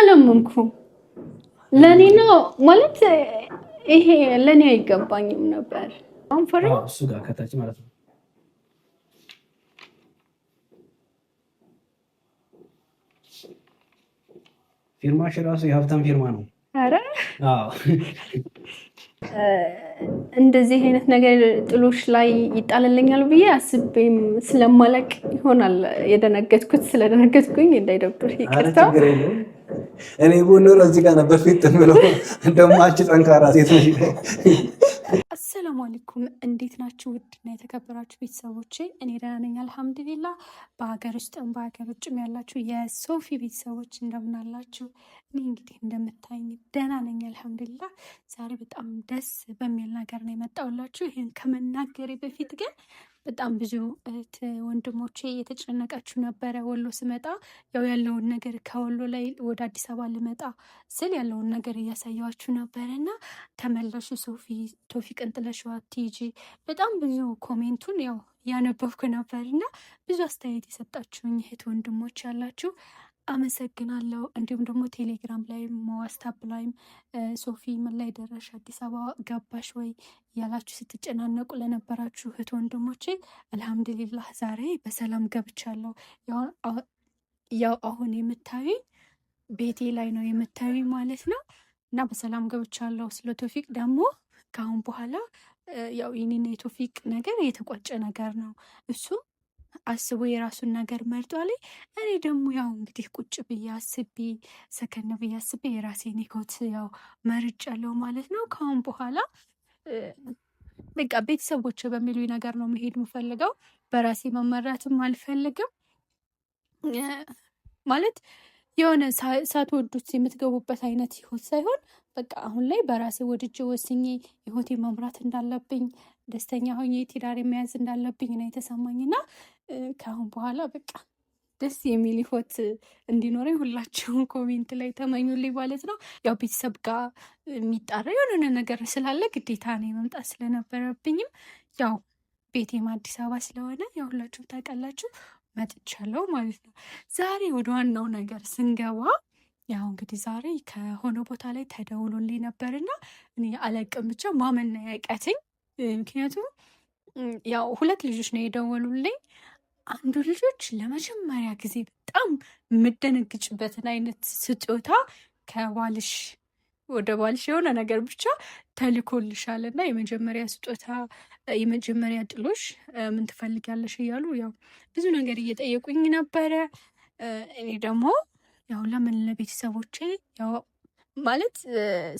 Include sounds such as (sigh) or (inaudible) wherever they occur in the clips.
አላመንኩ። ለእኔ ነው ማለት ይሄ ለእኔ አይገባኝም ነበር። እሱ ጋር ከታች ማለት ነው። ፊርማሽ ራሱ የሀብታም ፊርማ ነው። እንደዚህ አይነት ነገር ጥሎሽ ላይ ይጣልልኛል ብዬ አስቤም ስለማለቅ ይሆናል የደነገጥኩት። ስለደነገጥኩኝ እንዳይደብር ይቅርታ። እኔ ቡኑር እዚህ ጋር በፊት ብሎ እንደማች ጠንካራ ሴት ሰላም አለይኩም እንዴት ናችሁ? ውድና የተከበራችሁ ቤተሰቦች እኔ ደህና ነኝ አልሐምዱሊላ። በሀገር ውስጥም በሀገር ውጭም ያላችሁ የሶፊ ቤተሰቦች እንደምናላችሁ። እኔ እንግዲህ እንደምታይኝ ደህና ነኝ አልሐምዱሊላ። ዛሬ በጣም ደስ በሚል ነገር ነው የመጣሁላችሁ። ይህን ከመናገሬ በፊት ግን በጣም ብዙ እህት ወንድሞቼ እየተጨነቃችሁ ነበረ። ወሎ ስመጣ ያው ያለውን ነገር ከወሎ ላይ ወደ አዲስ አበባ ልመጣ ስል ያለውን ነገር እያሳያችሁ ነበረ እና ተመለሹ ሶፊ ቶፊቅን ጥለሽው አትሂጂ። በጣም ብዙ ኮሜንቱን ያው ያነበብኩ ነበር እና ብዙ አስተያየት የሰጣችሁኝ እህት ወንድሞች ያላችሁ አመሰግናለሁ። እንዲሁም ደግሞ ቴሌግራም ላይም ዋትስአፕ ላይም ሶፊ ምን ላይ ደረሽ፣ አዲስ አበባ ገባሽ ወይ ያላችሁ ስትጨናነቁ ለነበራችሁ እህት ወንድሞቼ አልሐምዱሊላህ ዛሬ በሰላም ገብቻለሁ። ያው አሁን የምታዩ ቤቴ ላይ ነው የምታዩኝ ማለት ነው እና በሰላም ገብቻለሁ። ስለ ቶፊቅ ደግሞ ከአሁን በኋላ ያው የኔና የቶፊቅ ነገር የተቋጨ ነገር ነው እሱም አስቦ የራሱን ነገር መርጧል። እኔ ደግሞ ያው እንግዲህ ቁጭ ብዬ አስቤ ሰከን ብዬ አስቤ የራሴን ሕይወት ያው መርጫለሁ ማለት ነው። ከአሁን በኋላ በቃ ቤተሰቦች በሚሉ ነገር ነው መሄድ የምፈልገው። በራሴ መመራትም አልፈልግም ማለት የሆነ ሳትወዱት የምትገቡበት አይነት ህይወት ሳይሆን በቃ አሁን ላይ በራሴ ወድጄ ወስኜ ህይወቴ መምራት እንዳለብኝ ደስተኛ ሆኜ ትዳር መያዝ እንዳለብኝ ነው የተሰማኝና ከአሁን በኋላ በቃ ደስ የሚል ህይወት እንዲኖረኝ ሁላችሁም ኮሜንት ላይ ተመኙልኝ ማለት ነው። ያው ቤተሰብ ጋር የሚጣራ የሆነ ነገር ስላለ ግዴታ ነው የመምጣት ስለነበረብኝም ያው ቤቴም አዲስ አበባ ስለሆነ ያው ሁላችሁም ታውቃላችሁ መጥቻለሁ ማለት ነው። ዛሬ ወደ ዋናው ነገር ስንገባ ያው እንግዲህ ዛሬ ከሆነ ቦታ ላይ ተደውሎልኝ ነበርና እኔ አለቅም ብቻ ማመን ምክንያቱም ያው ሁለት ልጆች ነው የደወሉልኝ አንዱ ልጆች ለመጀመሪያ ጊዜ በጣም የምደነግጭበትን አይነት ስጦታ ከባልሽ ወደ ባልሽ የሆነ ነገር ብቻ ተልኮልሻል እና የመጀመሪያ ስጦታ የመጀመሪያ ጥሎሽ ምን ትፈልጊያለሽ እያሉ ያው ብዙ ነገር እየጠየቁኝ ነበረ። እኔ ደግሞ ያው ለምን ለቤተሰቦቼ ያው ማለት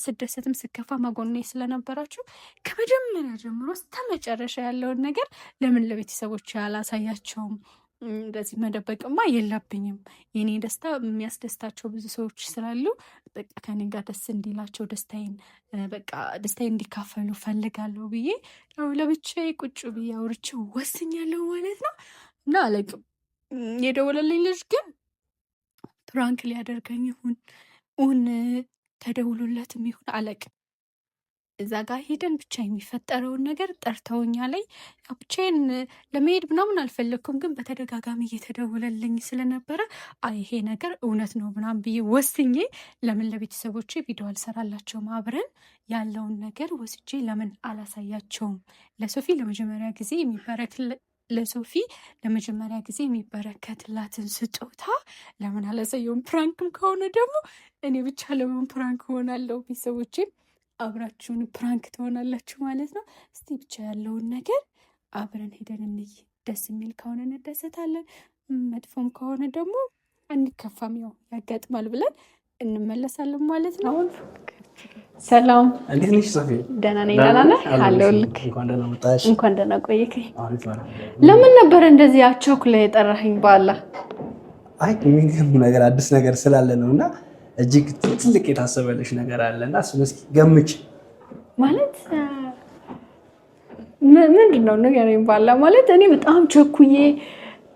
ስደሰትም ስከፋ ማጎኔ ስለነበራችሁ ከመጀመሪያ ጀምሮ እስከመጨረሻ ያለውን ነገር ለምን ለቤተሰቦች አላሳያቸውም? እንደዚህ መደበቅማ የለብኝም። የኔ ደስታ የሚያስደስታቸው ብዙ ሰዎች ስላሉ በቃ ከኔ ጋር ደስ እንዲላቸው ደስታዬን በቃ ደስታዬን እንዲካፈሉ ፈልጋለሁ ብዬ ያው ለብቻዬ ቁጭ ብዬ አውርቼ ወስኛለሁ ማለት ነው። እና አለቅም የደወለልኝ ልጅ ግን ፕራንክ ሊያደርገኝ ይሁን ሁን ተደውሎለት ይሁን አላቅም። እዛ ጋር ሄደን ብቻ የሚፈጠረውን ነገር ጠርተውኛ ላይ ብቻዬን ለመሄድ ምናምን አልፈለግኩም፣ ግን በተደጋጋሚ እየተደወለልኝ ስለነበረ ይሄ ነገር እውነት ነው ምናምን ብዬ ወስኜ ለምን ለቤተሰቦች ቪዲዮ አልሰራላቸውም? አብረን ያለውን ነገር ወስጄ ለምን አላሳያቸውም? ለሶፊ ለመጀመሪያ ጊዜ የሚበረክል ለሶፊ ለመጀመሪያ ጊዜ የሚበረከትላትን ስጦታ ለምን አላሳየውም? ፕራንክም ከሆነ ደግሞ እኔ ብቻ ለምን ፕራንክ እሆናለሁ? ቤተሰቦችን አብራችሁን ፕራንክ ትሆናላችሁ ማለት ነው። እስቲ ብቻ ያለውን ነገር አብረን ሄደን እንይ። ደስ የሚል ከሆነ እንደሰታለን፣ መጥፎም ከሆነ ደግሞ እንከፋም፣ ያው ያጋጥማል ብለን እንመለሳለን ማለት ነው። ሰላም፣ እንዴት ነሽ ሶፊ? ደህና ነኝ። ደህና ነህ? አለሁልህ። እንኳን ደህና ቆየከኝ። ለምን ነበር እንደዚህ አቸኩላ የጠራኸኝ? በአላህ አይ የሚገርም ነገር አዲስ ነገር ስላለ ነው እና እጅግ ትልቅ የታሰበልሽ ነገር አለ እና እሱን እስኪ ገምች ማለት ምንድን ነው ንገረኝ። በአላህ ማለት እኔ በጣም ቸኩዬ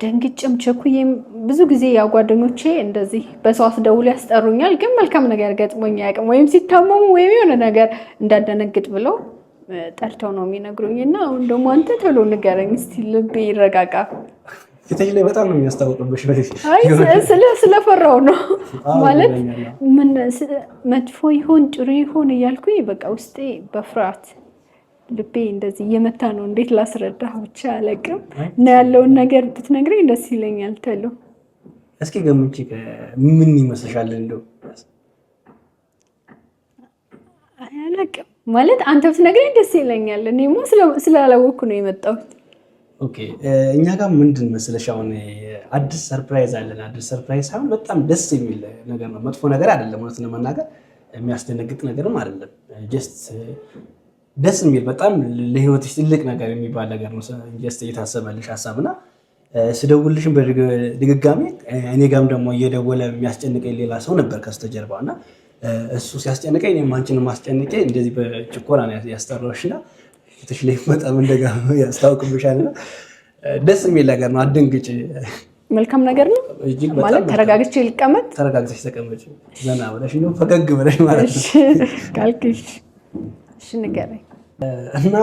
ደንግጭም ቸኩዬም ብዙ ጊዜ ያው ጓደኞቼ እንደዚህ በሰው አስደውሎ ያስጠሩኛል። ግን መልካም ነገር ገጥሞኝ አያውቅም። ወይም ሲታመሙ ወይም የሆነ ነገር እንዳደነግጥ ብለው ጠርተው ነው የሚነግሩኝ። እና አሁን ደግሞ አንተ ቶሎ ንገረኝ እስቲ ልቤ ይረጋጋ። ፊትሽ ላይ በጣም ነው የሚያስታውቅብሽ። ስለፈራው ነው ማለት ምን መጥፎ ይሆን ጥሩ ይሆን እያልኩኝ በቃ ውስጤ በፍርሃት ልቤ እንደዚህ እየመታ ነው። እንዴት ላስረዳ ብቻ አለቅም እና ያለውን ነገር ብትነግረኝ ደስ ይለኛል። ተሎ እስኪ ገምቼ ምን ይመስልሻል? እንደው አላቅም ማለት አንተ ብትነግረኝ ደስ ይለኛል። እኔማ ስላላወኩ ነው የመጣሁት። ኦኬ እኛ ጋር ምንድን መስለሽ አሁን አዲስ ሰርፕራይዝ አለን። አዲስ ሰርፕራይዝ ሳይሆን በጣም ደስ የሚል ነገር ነው። መጥፎ ነገር አይደለም። እውነት ለመናገር የሚያስደነግጥ ነገርም አይደለም። ጀስት ደስ የሚል በጣም ለህይወትሽ ትልቅ ነገር የሚባል ነገር ነው። ጀስት እየታሰበልሽ ሀሳብ እና ስደውልሽም በድግጋሚ እኔ ጋም ደግሞ እየደወለ የሚያስጨንቀኝ ሌላ ሰው ነበር ከስተጀርባ እና እሱ ሲያስጨንቀኝ እኔም አንቺን ማስጨንቄ እንደዚህ በጭኮላ ያስጠራሽ እና ፊትሽ ላይ በጣም እንደጋ ያስታውቅብሻል እና ደስ የሚል ነገር ነው። አድንግጭ መልካም ነገር ነው ማለት ተረጋግቼ ልቀመጥ። ተረጋግተሽ ተቀመጭ፣ ዘና ብለሽ ፈገግ ብለሽ ማለት ነው ካልክሽ እሺ ንገረኝ። እና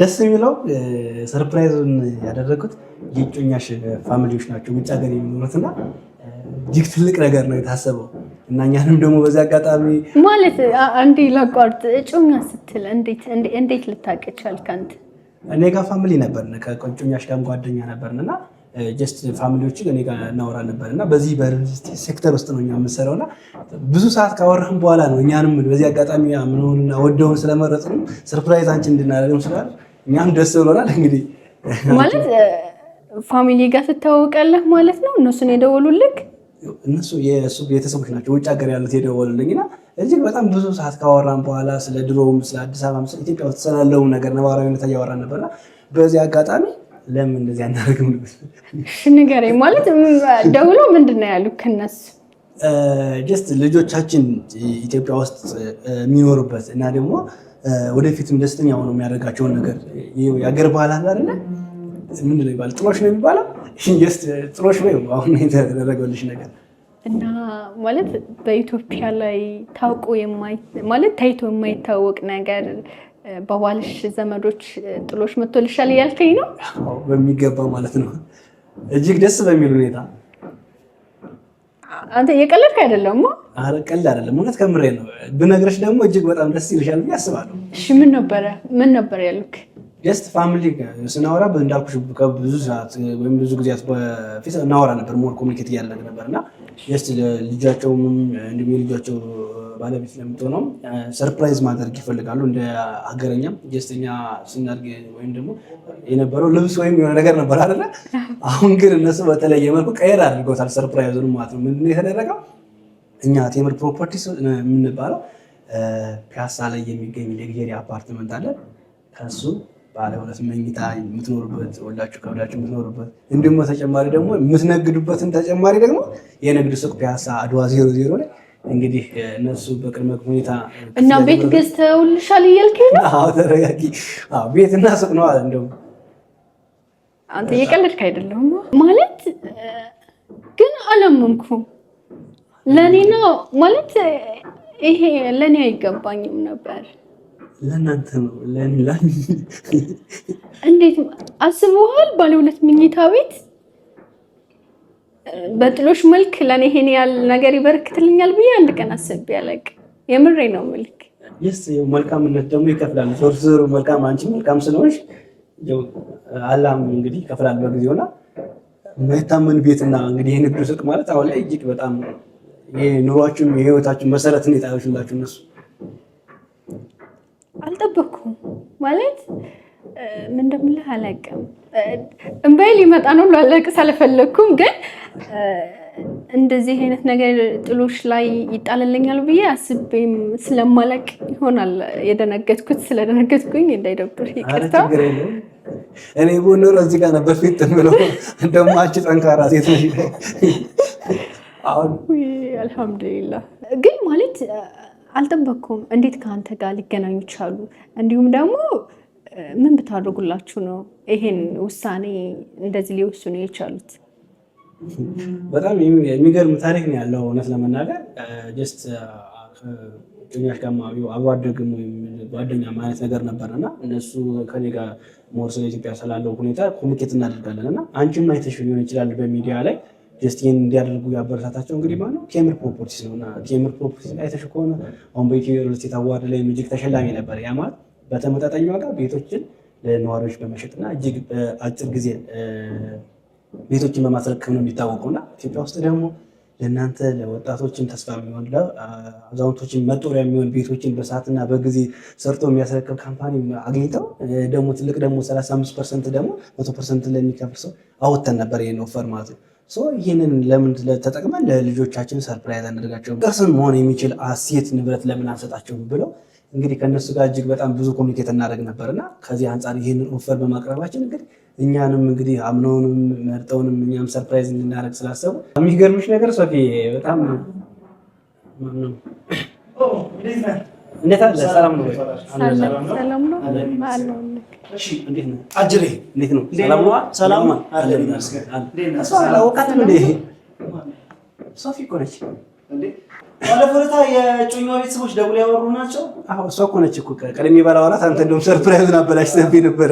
ደስ የሚለው ሰርፕራይዙን ያደረጉት የእጮኛሽ ፋሚሊዎች ናቸው ውጭ ሀገር የሚኖሩት እና እጅግ ትልቅ ነገር ነው የታሰበው እና እኛንም ደግሞ በዚህ አጋጣሚ ማለት አንዴ ላቋርጥ። እጮኛ ስትል እንዴት ልታቅ ቻልክ አንተ? እኔ ጋር ፋሚሊ ነበርን፣ ከእጮኛሽ ጋርም ጓደኛ ነበርን እና ጀስት ፋሚሊዎች እኔ ጋር እናወራ ነበር እና በዚህ በሪልስቴት ሴክተር ውስጥ ነው እኛ የምንሰራው እና ብዙ ሰዓት ካወራህም በኋላ ነው እኛንም በዚህ አጋጣሚ ምንሆንና ወደውን ስለመረጥንም ሰርፕራይዝ አንቺ እንድናደርግም ስላል እኛም ደስ ብሎናል። እንግዲህ ማለት ፋሚሊ ጋር ትተዋወቃለህ ማለት ነው። እነሱን የደወሉልክ እነሱ የእሱ ቤተሰቦች ናቸው ውጭ ሀገር ያሉት የደወሉልኝ እና እጅግ በጣም ብዙ ሰዓት ካወራን በኋላ ስለ ድሮውም ስለ አዲስ አበባ ኢትዮጵያ ውስጥ ስላለውን ነገር ነባራዊነት እያወራን ነበርና በዚህ አጋጣሚ ለምን እንደዚህ አናደርግም? ንገረኝ ማለት ደውሎ ምንድን ነው ያሉ ከነሱ ጀስት ልጆቻችን ኢትዮጵያ ውስጥ የሚኖሩበት እና ደግሞ ወደፊትም ደስተኛ ሆኖ የሚያደርጋቸውን ነገር የአገር ባህል አለ አይደለ? ምን ነው ይባላል? ጥሎሽ ነው የሚባለው። (laughs) ጥሎሽ ነው አሁን የተደረገልሽ ነገር እና ማለት በኢትዮጵያ ላይ ታውቆ ማለት ታይቶ የማይታወቅ ነገር በባልሽ ዘመዶች ጥሎሽ መጥቶልሻል እያልከኝ ነው? በሚገባ ማለት ነው። እጅግ ደስ በሚል ሁኔታ አንተ እየቀለድክ አይደለም? ኧረ ቀልድ አይደለም፣ እውነት ከምሬ ነው። ብነግረሽ ደግሞ እጅግ በጣም ደስ ይልሻል ብዬ አስባለሁ። እሺ ምን ነበረ ምን ነበር ያሉክ? ጀስት ፋሚሊ ስናወራ እንዳልኩሽ ከብዙ ሰዓት ወይም ብዙ ጊዜያት በፊት እናወራ ነበር፣ ሞር ኮሚኒኬት እያደረግን ነበር እና ስ ልጃቸው እንዲሁም የልጃቸው ባለቤት ለምትሆነው ሰርፕራይዝ ማድረግ ይፈልጋሉ። እንደ ሀገረኛም ጀስተኛ ስናድግ ወይም ደግሞ የነበረው ልብስ ወይም የሆነ ነገር ነበር አይደለ? (laughs) አሁን ግን እነሱ በተለየ መልኩ ቀየር አድርገውታል ሰርፕራይዙን ማለት ነው። ምንድነው የተደረገው? እኛ ቴምር ፕሮፐርቲስ የምንባለው ፒያሳ ላይ የሚገኝ ለግዜሪ አፓርትመንት አለ ከሱ ባለ ሁለት መኝታ የምትኖርበት ወላችሁ ከብዳችሁ የምትኖርበት እንዲሁም በተጨማሪ ደግሞ የምትነግዱበትን ተጨማሪ ደግሞ የንግድ ሱቅ ፒያሳ አድዋ ዜሮ ዜሮ ላይ እንግዲህ እነሱ በቅድመ ሁኔታ እና ቤት ገዝተውልሻል እያልክ ነው? አዎ ተረጋጊ። ቤትና ሱቅ ነው አለ። እንደውም አንተ እየቀለድክ አይደለም ማለት ግን አላመንኩም። ለእኔ ነው ማለት ይሄ ለእኔ አይገባኝም ነበር ለእናንተ ነው። እንዴት አስበዋል? ባለ ሁለት ምኝታ ቤት በጥሎሽ መልክ ለእኔ ይሄን ያህል ነገር ይበረክትልኛል ብዬ አንድ ቀን አስቤ ያለቅ የምሬ ነው። ምልክ ስ መልካምነት ደግሞ ይከፍላል። ሶርስሩ መልካም አንቺ መልካም ስለሆንሽ አላም እንግዲህ ይከፍላል በጊዜ ሆና መታመን ቤትና እንግዲህ የንግዱ ስቅ ማለት አሁን ላይ እጅግ በጣም ኑሯችሁም የህይወታችሁ መሰረት ሁኔታ ያሉላችሁ እነሱ አልጠበኩም ማለት ምን እንደምልህ አላውቅም። እምባዬ ሊመጣ ነው። ላለቅስ አልፈለግኩም፣ ግን እንደዚህ አይነት ነገር ጥሎሽ ላይ ይጣልልኛል ብዬ አስቤም ስለማላቅ ይሆናል የደነገጥኩት። ስለደነገጥኩኝ እንዳይደብር ይቅርታ። እኔ ቦኖሮ እዚህ ጋር ነበር ፊት ብሎ እንደማች ጠንካራ ሴት ነሽ። አልሐምዱሊላህ ግን ማለት አልጠበኩም። እንዴት ከአንተ ጋር ሊገናኙ ይቻሉ? እንዲሁም ደግሞ ምን ብታደርጉላችሁ ነው ይሄን ውሳኔ እንደዚህ ሊወስኑ የቻሉት? በጣም የሚገርም ታሪክ ነው ያለው። እውነት ለመናገር ስ ጆኛሽ ጋማቢ አብሮ አደግም ወይም ጓደኛ ማለት ነገር ነበርና እነሱ ከኔ ጋር ሞር ስለ ኢትዮጵያ ስላለው ሁኔታ ኮሚኒኬት እናደርጋለን እና አንቺም አይተሽ ሊሆን ይችላል በሚዲያ ላይ ደስቲን እንዲያደርጉ ያበረታታቸው እንግዲህ ማ ነው ኬምር ፕሮፐርቲስ ነው እና ኬምር ፕሮፐርቲስ አይተሽ ከሆነ አሁን በኢትዮ ሪል ስቴት አዋርድ ላይ እጅግ ተሸላሚ ነበር። ያ ማለት በተመጣጣኝ ዋጋ ቤቶችን ለነዋሪዎች በመሸጥና እጅግ በአጭር ጊዜ ቤቶችን በማስረከብ ነው የሚታወቀው እና ኢትዮጵያ ውስጥ ደግሞ ለእናንተ ለወጣቶችም ተስፋ የሚሆን ለአዛውንቶችም መጦሪያ የሚሆን ቤቶችን በሰዓትና በጊዜ ሰርቶ የሚያስረክብ ካምፓኒ አግኝተው ደግሞ ትልቅ ደግሞ 35 ፐርሰንት ደግሞ መቶ ፐርሰንት ለሚከፍል ሰው አወተን ነበር ይህን ኦፈር ማለት ነው። ይህንን ለምን ተጠቅመን ለልጆቻችን ሰርፕራይዝ አናደርጋቸው? ቅርስን መሆን የሚችል አሴት ንብረት ለምን አንሰጣቸውም? ብለው እንግዲህ ከእነሱ ጋር እጅግ በጣም ብዙ ኮሚኒኬት እናደርግ ነበር እና ከዚህ አንጻር ይህንን ኦፈር በማቅረባችን እንግዲህ እኛንም እንግዲህ አምነውንም መርጠውንም እኛም ሰርፕራይዝ እንድናደርግ ስላሰቡ የሚገርምሽ ነገር ሶፊ በጣም እንዴት አለ? ሰላም ነው። እሺ እንዴት ነው አጅሬ? እንዴት ነው ሰላም ነው? ሰላም ነው። የጮኛው ቤተሰቦች ደውለው ያወሩ ናቸው። አዎ እሷ እኮ ነች እኮ ቀደም ባላወራት አንተ እንደውም ሰርፕራይዝ አበላሽ ሰብይ ነበረ።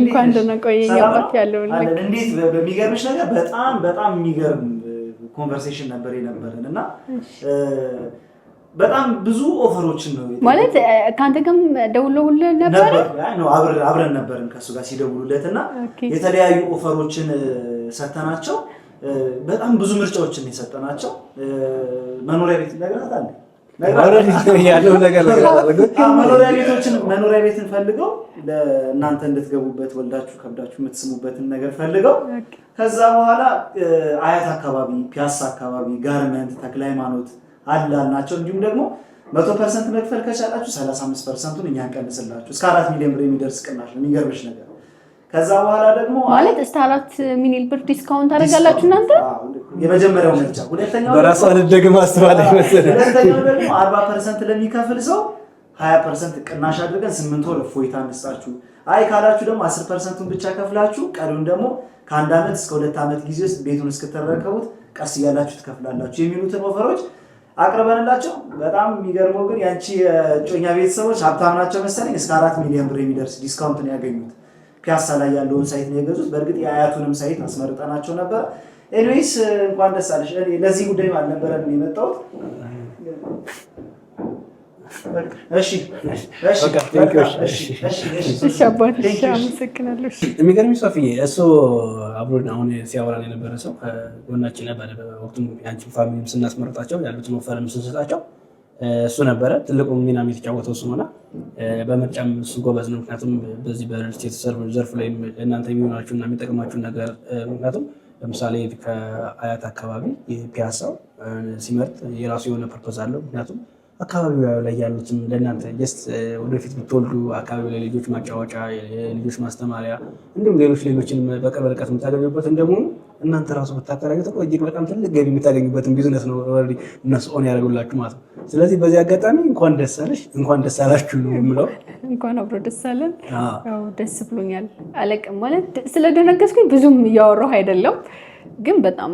እንኳን ደህና ቆየኝ። ያለውን እንዴት በሚገርምሽ ነገር በጣም በጣም የሚገርም ኮንቨርሴሽን ነበር የነበረን እና በጣም ብዙ ኦፈሮችን ነው ማለት ከአንተ ጋርም ደውለውል ነበር? አብረን ነበርን ከሱ ጋር ሲደውሉለት እና የተለያዩ ኦፈሮችን ሰተናቸው በጣም ብዙ ምርጫዎችን የሰጠናቸው መኖሪያ ቤት ነገራት አለ መኖሪያ ቤትን ፈልገው ለእናንተ እንድትገቡበት ወልዳችሁ ከብዳችሁ የምትስሙበትን ነገር ፈልገው ከዛ በኋላ አያት አካባቢ፣ ፒያሳ አካባቢ፣ ጋርመንት፣ ተክለ ሃይማኖት አዳል ናቸው። እንዲሁም ደግሞ መቶ ፐርሰንት መክፈል ከቻላችሁ ሰላሳ ፐርሰንቱን እኛ እንቀንስላችሁ እስከ አራት ሚሊዮን ብር የሚደርስ ቅናሽ ነው። የሚገርምሽ ነገር ከዛ በኋላ ደግሞ ማለት እስከ አራት ሚሊዮን ብር ዲስካውንት አደርጋላችሁ እናንተ የመጀመሪያው ምርጫ። ሁለተኛው በራሱ አንደግም አስባለ መሰለኝ። ሁለተኛው ደግሞ አርባ ፐርሰንት ለሚከፍል ሰው ሀያ ፐርሰንት ቅናሽ አድርገን ስምንት ወር እፎይታ እንስጣችሁ። አይ ካላችሁ ደግሞ አስር ፐርሰንቱን ብቻ ከፍላችሁ ቀሪውን ደግሞ ከአንድ ዓመት እስከ ሁለት ዓመት ጊዜ ውስጥ ቤቱን እስክትረከቡት ቀስ እያላችሁ ትከፍላላችሁ የሚሉትን ኦፈሮች አቅርበንላቸው በጣም የሚገርመው ግን ያንቺ ጮኛ ቤተሰቦች ሀብታም ናቸው መሰለኝ። እስከ አራት ሚሊዮን ብር የሚደርስ ዲስካውንት ነው ያገኙት። ፒያሳ ላይ ያለውን ሳይት ነው የገዙት። በእርግጥ የአያቱንም ሳይት አስመርጠናቸው ነበረ። ኤኒዌይስ እንኳን ደስ አለሽ። ለዚህ ጉዳይ አልነበረም የመጣሁት የሚገርምሽ ሶፊዬ እሱ አብሮ አሁን ሲያወራን የነበረ ሰው ጎናችን ነበረ። በወቅቱም ያንቺን ፋሚሊም ስናስመርጣቸው ያሉትን ወፈርም ስንሰጣቸው እሱ ነበረ ትልቁ ሚና የተጫወተው እሱ ሆና በምርጫም እሱ ጎበዝ ነው። ምክንያቱም በዚህ በሪል ዘርፍ ላይ እናንተ የሚሆናችሁ እና የሚጠቅማችሁ ነገር ምክንያቱም ለምሳሌ ከአያት አካባቢ ፒያሳው ሲመርጥ የራሱ የሆነ ፐርፖዝ አለው ምክንያቱም አካባቢ ላይ ያሉትን ለእናንተ ጀስት ወደፊት ብትወልዱ አካባቢ ላይ ልጆች ማጫወቻ፣ ልጆች ማስተማሪያ እንዲሁም ሌሎች ሌሎችን በቅርብ ርቀት የምታገኙበትን ደግሞ እናንተ ራሱ ብታከራዩት እጅግ በጣም ትልቅ ገቢ የምታገኙበትን ቢዝነስ ነው እነሱ ኦን ያደርጉላችሁ ማለት ነው። ስለዚህ በዚህ አጋጣሚ እንኳን ደስ አለሽ፣ እንኳን ደስ አላችሁ ነው የምለው። እንኳን አብሮ ደስ አለን። ደስ ብሎኛል። አለቅም ማለት ስለደነገስኩኝ ብዙም እያወራሁ አይደለም፣ ግን በጣም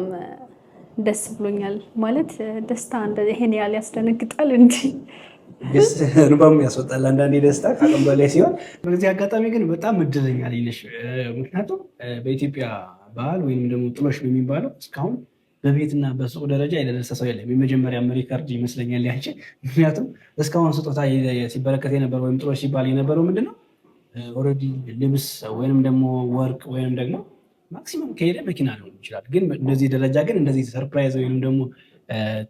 ደስ ብሎኛል ማለት ደስታ ይሄን ያህል ያስደነግጣል እንጂ እንባም ያስወጣል አንዳንዴ ደስታ ከአቅም በላይ ሲሆን፣ በዚህ አጋጣሚ ግን በጣም እድለኛ ነኝ ነሽ። ምክንያቱም በኢትዮጵያ ባህል ወይም ደግሞ ጥሎሽ የሚባለው እስካሁን በቤትና በሱቅ ደረጃ የደረሰ ሰው የለም። የመጀመሪያ ሪከርድ ይመስለኛል ያንቺ። ምክንያቱም እስካሁን ስጦታ ሲበረከት የነበረው ወይም ጥሎሽ ሲባል የነበረው ምንድነው ኦልሬዲ ልብስ ወይንም ደግሞ ወርቅ ወይንም ደግሞ ማክሲመም ከሄደ መኪና ሊሆን ይችላል። ግን እንደዚህ ደረጃ ግን እንደዚህ ሰርፕራይዝ ወይም ደግሞ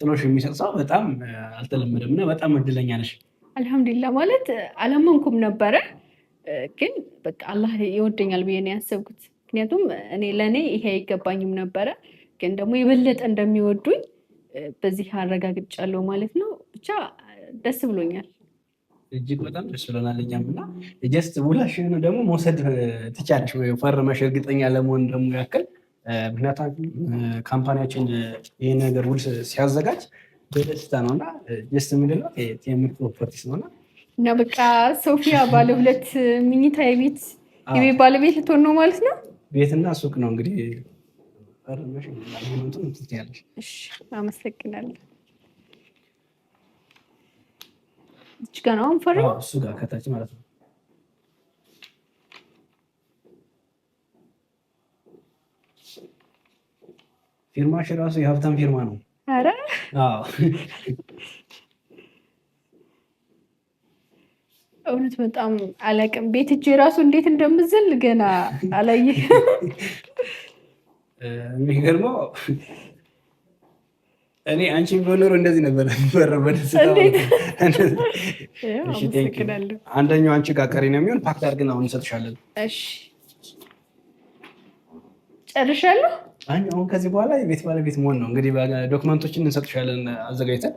ጥሎሽ የሚሰጥ ሰው በጣም አልተለመደም እና በጣም እድለኛ ነሽ። አልሐምዱሊላ ማለት አላመንኩም ነበረ፣ ግን በቃ አላህ ይወደኛል ብዬ ነው ያሰብኩት። ምክንያቱም እኔ ለእኔ ይሄ አይገባኝም ነበረ፣ ግን ደግሞ የበለጠ እንደሚወዱኝ በዚህ አረጋግጫለሁ ማለት ነው። ብቻ ደስ ብሎኛል። እጅግ በጣም ደስ ብሎናል። እኛም እና ጀስት ውላሽን ደግሞ መውሰድ ትቻለሽ ፈርመሽ እርግጠኛ ለመሆን ደግሞ ያክል ምክንያቱም ካምፓኒያችን ይህ ነገር ውል ሲያዘጋጅ በደስታ ነው እና ጀስት ምንድነው የምርት ፕሮፐርቲስ ነው እና በቃ ሶፊያ ባለሁለት ምኝታ የቤት የቤት ባለቤት ልትሆን ነው ማለት ነው። ቤትና ሱቅ ነው እንግዲህ ፈርመሽ ያለሽ። አመሰግናለሁ። እች ጋ ነው ፈሪ እሱ ጋር ከታች ማለት ነው። ፊርማሽ ራሱ የሀብታም ፊርማ ነው። ኧረ እውነት በጣም አለቅም ቤት እጅ የራሱ እንዴት እንደምዝል ገና አላየህም። (laughs) የሚገርመው እኔ አንቺ በኖሮ እንደዚህ ነበር የሚበረው። አንደኛው አንቺ ጋር ቀሪ ነው የሚሆን ፓክት አድርገን አሁን እንሰጥሻለን። ጨርሻለሁ። አሁን ከዚህ በኋላ የቤት ባለቤት መሆን ነው እንግዲህ። ዶክመንቶችን እንሰጥሻለን አዘጋጅተን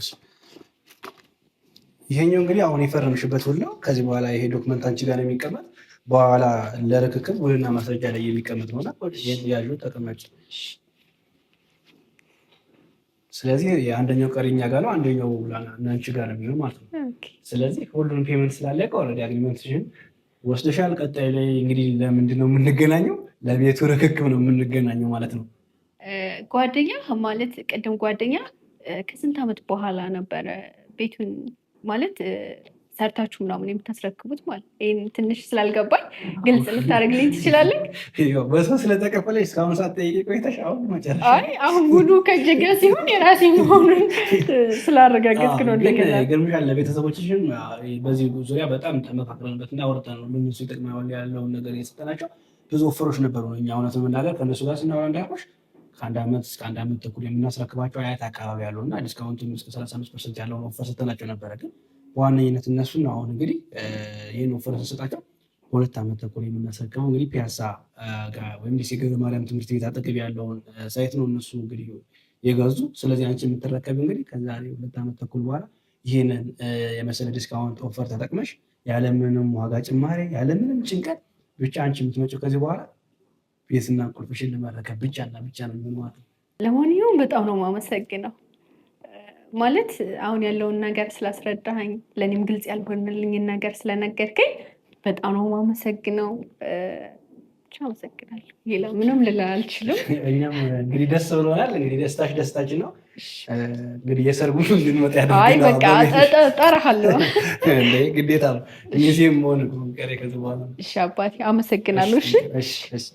እሺ ይሄኛው እንግዲህ አሁን የፈረምሽበት ሁሉ ከዚህ በኋላ ይሄ ዶክመንት አንቺ ጋር ነው የሚቀመጥ። በኋላ ለርክክብ ውልና ማስረጃ ላይ የሚቀመጥ ሆና ይህን ያሉ ተቀማጭ። ስለዚህ የአንደኛው ቀሪኛ ጋር ነው፣ አንደኛው ናንቺ ጋር ነው የሚሆን ማለት ነው። ስለዚህ ሁሉንም ፔመንት ስላለቀ ኦልሬዲ አግሪመንትሽን ወስደሻል። ቀጣይ ላይ እንግዲህ ለምንድን ነው የምንገናኘው? ለቤቱ ርክክብ ነው የምንገናኘው ማለት ነው። ጓደኛ ማለት ቅድም ጓደኛ ከስንት ዓመት በኋላ ነበረ ቤቱን ማለት ሰርታችሁ ምናምን የምታስረክቡት ማለት ይህን ትንሽ ስላልገባኝ ግልጽ ልታደርግልኝ ትችላለህ? በሰው ስለተከፈለች እስካሁን ሳትጠይቂ ቆይተሽ አሁን መጨረሻ አሁን ሙሉ ከጀጋ ሲሆን የራሴ መሆኑን ስላረጋገጥክ ነው። እንደገና ይገርምሻል። ለቤተሰቦችሽም በዚህ ዙሪያ በጣም ተመካክረንበት እና ነው ለእነሱ ይጠቅማል ያለውን ነገር የሰጠናቸው ብዙ ወፈሮች ነበሩ። እኛ እውነት መናገር ከእነሱ ጋር ስናወራ እንዳልኩሽ ከአንድ ዓመት እስከ አንድ ዓመት ተኩል የምናስረክባቸው አያት አካባቢ ያለው እና ዲስካውንት እስከ ሰላሳ ፐርሰንት ያለውን ኦፈር ሰተናቸው ነበረ። ግን በዋነኝነት እነሱን አሁን እንግዲህ ይህን ኦፈር ስንሰጣቸው በሁለት ዓመት ተኩል የምናስረክበው እንግዲህ ፒያሳ ወይም ዲሲ ገብረ ማርያም ትምህርት ቤት አጠገብ ያለውን ሳይት ነው እነሱ እንግዲህ የገዙ። ስለዚህ አንቺ የምትረከብ እንግዲህ ከዛሬ ሁለት ዓመት ተኩል በኋላ ይህንን የመሰለ ዲስካውንት ኦፈር ተጠቅመሽ ያለምንም ዋጋ ጭማሪ ያለምንም ጭንቀት ብቻ አንቺ የምትመጪው ከዚህ በኋላ ቤዝና ፕሮፌሽን ለመረከብ ብቻና ብቻ ነው የምንዋለው። ለማንኛውም በጣም ነው የማመሰግነው። ማለት አሁን ያለውን ነገር ስላስረዳኸኝ፣ ለእኔም ግልጽ ያልሆንልኝን ነገር ስለነገርከኝ በጣም ነው የማመሰግነው። ብቻ አመሰግናለሁ። ሌላ ምንም ልል አልችልም። እኛም እንግዲህ ደስ ብሎናል። እንግዲህ ደስታሽ ደስታችን ነው። እንግዲህ የሰርጉ እንድንመጣ ያደርግጠራሃለሁ ግዴታ ነው። ሚዜም መሆን ቀሬ ከዚህ በኋላ አመሰግናለሁ። እሺ